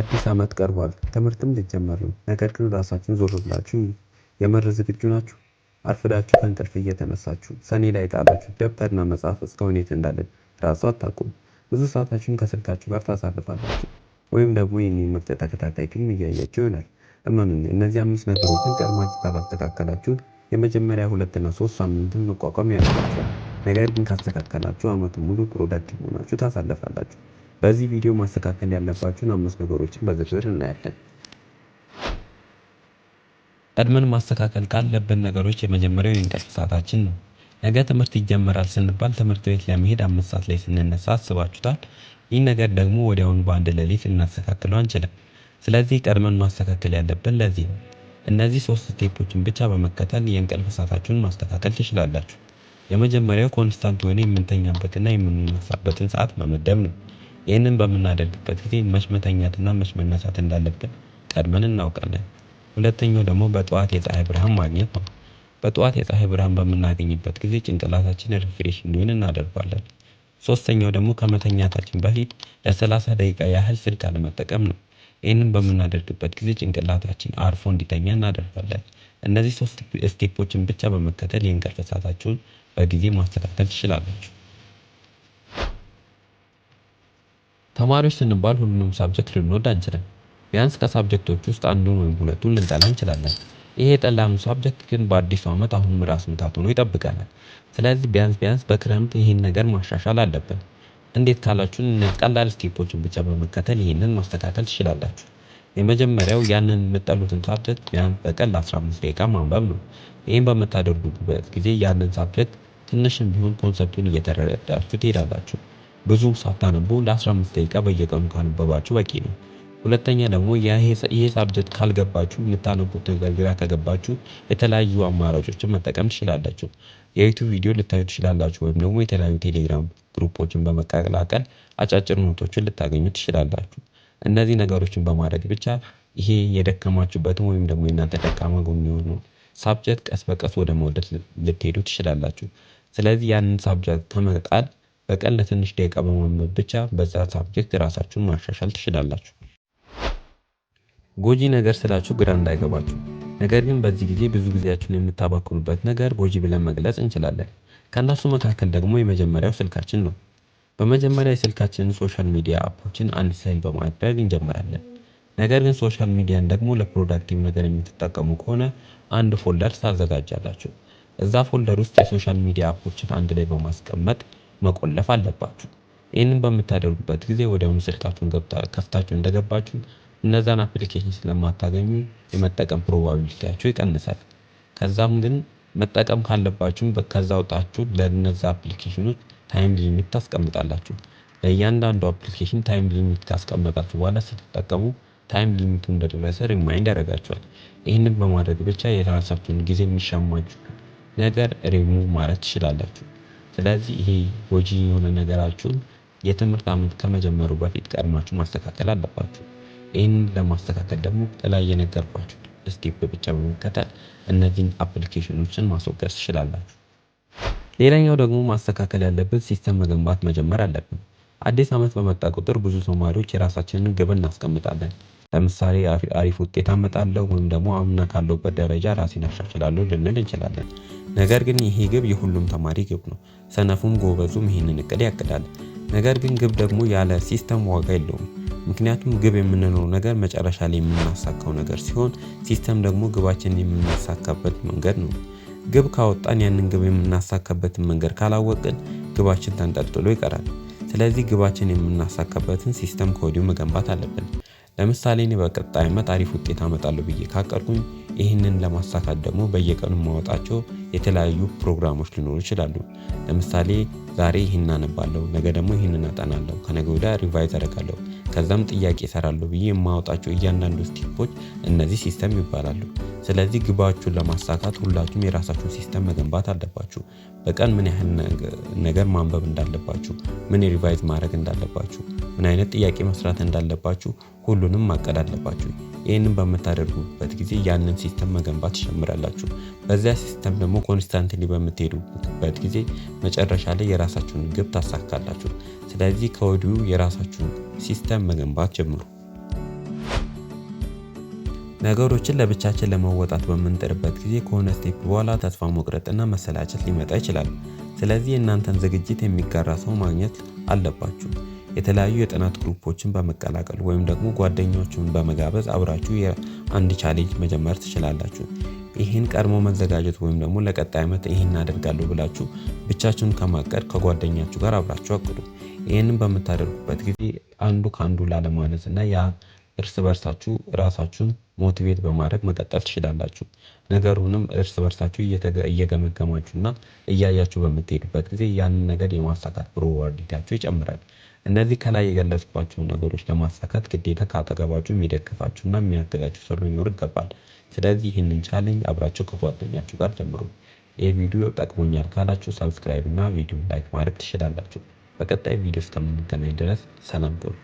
አዲስ አመት ቀርቧል ትምህርትም ሊጀመር ነው ነገር ግን ራሳችሁን ዞር ብላችሁ የምር ዝግጁ ናችሁ? አርፍዳችሁ ከእንቅልፍ እየተነሳችሁ ሰኔ ላይ ጣላችሁ ደብተርና መጽሐፍ እስካሁን የት እንዳለን ራሱ አታውቁም። ብዙ ሰዓታችሁን ከስልካችሁ ጋር ታሳልፋላችሁ። ወይም ደግሞ የኔን ምርጥ ተከታታይ ፊልም እያያችሁ ይሆናል። እመኑኝ እነዚህ አምስት ነገሮችን ቀድማችሁ ካላስተካከላችሁ የመጀመሪያ ሁለትና ሶስት ሳምንትን መቋቋም ያለባቸዋል። ነገር ግን ካስተካከላችሁ አመቱን ሙሉ ፕሮዳክቲቭ ሆናችሁ ታሳልፋላችሁ። በዚህ ቪዲዮ ማስተካከል ያለባችሁን አምስት ነገሮችን በዝርዝር እናያለን። ቀድመን ማስተካከል ካለብን ነገሮች የመጀመሪያው የእንቅልፍ ሰዓታችን ነው። ነገ ትምህርት ይጀመራል ስንባል ትምህርት ቤት ለመሄድ አምስት ሰዓት ላይ ስንነሳ አስባችሁታል። ይህ ነገር ደግሞ ወዲያውኑ በአንድ ሌሊት ልናስተካክለው አንችልም። ስለዚህ ቀድመን ማስተካከል ያለብን ለዚህ ነው። እነዚህ ሶስት ስቴፖችን ብቻ በመከተል የእንቅልፍ ሰዓታችሁን ማስተካከል ትችላላችሁ። የመጀመሪያው ኮንስታንት የሆነ የምንተኛበትና የምንነሳበትን ሰዓት መመደብ ነው። ይህንን በምናደርግበት ጊዜ መች መተኛትና መች መነሳት እንዳለብን ቀድመን እናውቃለን። ሁለተኛው ደግሞ በጠዋት የፀሀይ ብርሃን ማግኘት ነው። በጠዋት የፀሀይ ብርሃን በምናገኝበት ጊዜ ጭንቅላታችን ሪፍሬሽ እንዲሆን እናደርገዋለን። ሶስተኛው ደግሞ ከመተኛታችን በፊት ለሰላሳ ደቂቃ ያህል ስልክ አለመጠቀም ነው። ይህንን በምናደርግበት ጊዜ ጭንቅላታችን አርፎ እንዲተኛ እናደርጋለን። እነዚህ ሶስት ስቴፖችን ብቻ በመከተል የእንቅልፍ ሰአታችሁን በጊዜ ማስተካከል ትችላላችሁ ተማሪዎች ስንባል ሁሉንም ሳብጀክት ልንወድ አንችልም። ቢያንስ ከሳብጀክቶች ውስጥ አንዱን ወይም ሁለቱን ልንጠላ እንችላለን። ይሄ የጠላነው ሳብጀክት ግን በአዲሱ አመት አሁንም ራስ ምታት ሆኖ ይጠብቀናል። ስለዚህ ቢያንስ ቢያንስ በክረምት ይህን ነገር ማሻሻል አለብን። እንዴት ካላችሁን ቀላል ስቴፖችን ብቻ በመከተል ይህንን ማስተካከል ትችላላችሁ። የመጀመሪያው ያንን የምጠሉትን ሳብጀክት ቢያንስ በቀን ለአስራ አምስት ደቂቃ ማንበብ ነው። ይህም በምታደርጉበት ጊዜ ያንን ሳብጀክት ትንሽም ቢሆን ኮንሰፕቱን እየተረዳችሁ ትሄዳላችሁ ብዙ ሳታነቡ ለ15 ደቂቃ በየቀኑ ካነበባችሁ በቂ ነው። ሁለተኛ ደግሞ ይሄ ሳብጀክት ካልገባችሁ የምታነቡት ነገር ግራ ከገባችሁ የተለያዩ አማራጮችን መጠቀም ትችላላችሁ። የዩቱብ ቪዲዮ ልታዩ ትችላላችሁ፣ ወይም ደግሞ የተለያዩ ቴሌግራም ግሩፖችን በመቀላቀል አጫጭር ኖቶችን ልታገኙ ትችላላችሁ። እነዚህ ነገሮችን በማድረግ ብቻ ይሄ የደከማችሁበትን ወይም ደግሞ የእናንተ ደካማ ጎን የሆነውን ሳብጀክት ቀስ በቀስ ወደ መውደድ ልትሄዱ ትችላላችሁ። ስለዚህ ያንን ሳብጀክት ከመጣል በቀን ለትንሽ ደቂቃ በማንበብ ብቻ በዛ ሳብጀክት ራሳችሁን ማሻሻል ትችላላችሁ። ጎጂ ነገር ስላችሁ ግራ እንዳይገባችሁ፣ ነገር ግን በዚህ ጊዜ ብዙ ጊዜያችሁን የምታባክኑበት ነገር ጎጂ ብለን መግለጽ እንችላለን። ከእነሱ መካከል ደግሞ የመጀመሪያው ስልካችን ነው። በመጀመሪያ የስልካችንን ሶሻል ሚዲያ አፖችን አንሳይን በማድረግ እንጀምራለን። ነገር ግን ሶሻል ሚዲያን ደግሞ ለፕሮዳክቲቭ ነገር የምትጠቀሙ ከሆነ አንድ ፎልደር ታዘጋጃላችሁ። እዛ ፎልደር ውስጥ የሶሻል ሚዲያ አፖችን አንድ ላይ በማስቀመጥ መቆለፍ አለባችሁ። ይህንን በምታደርጉበት ጊዜ ወዲያውኑ ስልካችሁን ከፍታችሁ እንደገባችሁ እነዛን አፕሊኬሽን ስለማታገኙ የመጠቀም ፕሮባቢሊቲያችሁ ይቀንሳል። ከዛም ግን መጠቀም ካለባችሁም ከዛ ወጣችሁ ለነዛ አፕሊኬሽኖች ታይም ሊሚት ታስቀምጣላችሁ። ለእያንዳንዱ አፕሊኬሽን ታይም ሊሚት ካስቀመጣችሁ በኋላ ስትጠቀሙ ታይም ሊሚቱ እንደደረሰ ሪማይንድ ያደርጋችኋል። ይህንን በማድረግ ብቻ የራሳችሁን ጊዜ የሚሻማችሁ ነገር ሪሙቭ ማለት ትችላላችሁ። ስለዚህ ይሄ ጎጂ የሆነ ነገራችሁን የትምህርት ዓመት ከመጀመሩ በፊት ቀድማችሁ ማስተካከል አለባችሁ። ይህን ለማስተካከል ደግሞ ከላይ የነገርኳችሁ ስቴፕ ብቻ በመከተል እነዚህን አፕሊኬሽኖችን ማስወገድ ትችላላችሁ። ሌላኛው ደግሞ ማስተካከል ያለብን ሲስተም መገንባት መጀመር አለብን። አዲስ ዓመት በመጣ ቁጥር ብዙ ተማሪዎች የራሳችንን ግብ እናስቀምጣለን። ለምሳሌ አሪፍ ውጤት አመጣለሁ ወይም ደግሞ አምና ካለሁበት ደረጃ ራሴን አሻሽላለሁ ልንል እንችላለን። ነገር ግን ይሄ ግብ የሁሉም ተማሪ ግብ ነው። ሰነፉም ጎበዙም ይህንን እቅድ ያቅዳል። ነገር ግን ግብ ደግሞ ያለ ሲስተም ዋጋ የለውም። ምክንያቱም ግብ የምንለው ነገር መጨረሻ ላይ የምናሳካው ነገር ሲሆን ሲስተም ደግሞ ግባችንን የምናሳካበት መንገድ ነው። ግብ ካወጣን ያንን ግብ የምናሳካበትን መንገድ ካላወቅን ግባችን ተንጠልጥሎ ይቀራል። ስለዚህ ግባችን የምናሳካበትን ሲስተም ከወዲሁ መገንባት አለብን። ለምሳሌ እኔ በቀጣይ ዓመት አሪፍ ውጤት አመጣለሁ ብዬ ካቀድኩኝ ይህንን ለማሳካት ደግሞ በየቀኑ ማወጣቸው የተለያዩ ፕሮግራሞች ሊኖሩ ይችላሉ። ለምሳሌ ዛሬ ይህን አነባለሁ፣ ነገ ደግሞ ይህንን አጠናለሁ፣ ከነገ ወዲያ ሪቫይዝ አደርጋለሁ፣ ከዛም ጥያቄ ይሰራለሁ ብዬ የማወጣቸው እያንዳንዱ ስቴፖች እነዚህ ሲስተም ይባላሉ። ስለዚህ ግባችሁን ለማሳካት ሁላችሁም የራሳችሁን ሲስተም መገንባት አለባችሁ። በቀን ምን ያህል ነገር ማንበብ እንዳለባችሁ፣ ምን ሪቫይዝ ማድረግ እንዳለባችሁ፣ ምን አይነት ጥያቄ መስራት እንዳለባችሁ ሁሉንም ማቀድ አለባችሁ። ይህንን በምታደርጉበት ጊዜ ያንን ሲስተም መገንባት ትጀምራላችሁ። በዚያ ሲስተም ደግሞ ኮንስታንትሊ በምትሄዱበት ጊዜ መጨረሻ ላይ የራሳችሁን ግብ ታሳካላችሁ። ስለዚህ ከወዲሁ የራሳችሁን ሲስተም መገንባት ጀምሩ። ነገሮችን ለብቻችን ለመወጣት በምንጥርበት ጊዜ ከሆነ ስቴፕ በኋላ ተስፋ መቁረጥና መሰላቸት ሊመጣ ይችላል። ስለዚህ የእናንተን ዝግጅት የሚጋራ ሰው ማግኘት አለባችሁ። የተለያዩ የጥናት ግሩፖችን በመቀላቀል ወይም ደግሞ ጓደኞችን በመጋበዝ አብራችሁ የአንድ ቻሌንጅ መጀመር ትችላላችሁ። ይህን ቀድሞ መዘጋጀት ወይም ደግሞ ለቀጣይ ዓመት ይህን እናደርጋለሁ ብላችሁ ብቻችሁን ከማቀድ ከጓደኛችሁ ጋር አብራችሁ አቅዱ። ይህንን በምታደርጉበት ጊዜ አንዱ ከአንዱ ላለማነስ እና ያ እርስ በርሳችሁ ራሳችሁን ሞቲቬት በማድረግ መቀጠል ትችላላችሁ። ነገሩንም እርስ በርሳችሁ እየገመገማችሁ እና እያያችሁ በምትሄዱበት ጊዜ ያንን ነገር የማሳካት ፕሮባቢሊቲያችሁ ይጨምራል። እነዚህ ከላይ የገለጽኳቸውን ነገሮች ለማሳካት ግዴታ ከአጠገባችሁ የሚደግፋችሁ እና የሚያግዛችሁ ሰው ሊኖር ይገባል። ስለዚህ ይህንን ቻሌንጅ አብራችሁ ከጓደኛችሁ ጋር ጀምሩ። ይህ ቪዲዮ ጠቅሞኛል ካላችሁ ሰብስክራይብ እና ቪዲዮ ላይክ ማድረግ ትችላላችሁ። በቀጣይ ቪዲዮ እስከምንገናኝ ድረስ ሰላም ቆዩ።